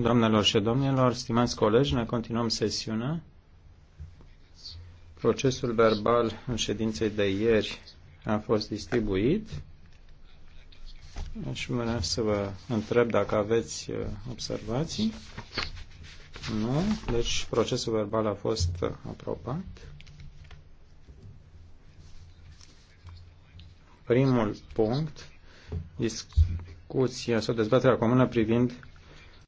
Doamnelor și domnilor, stimați colegi, ne continuăm sesiunea. Procesul verbal în ședinței de ieri a fost distribuit Aș vrea să vă întreb dacă aveți uh, observații. Nu, deci procesul verbal a fost uh, aprobat. Primul punct discuția sau dezbaterea comună privind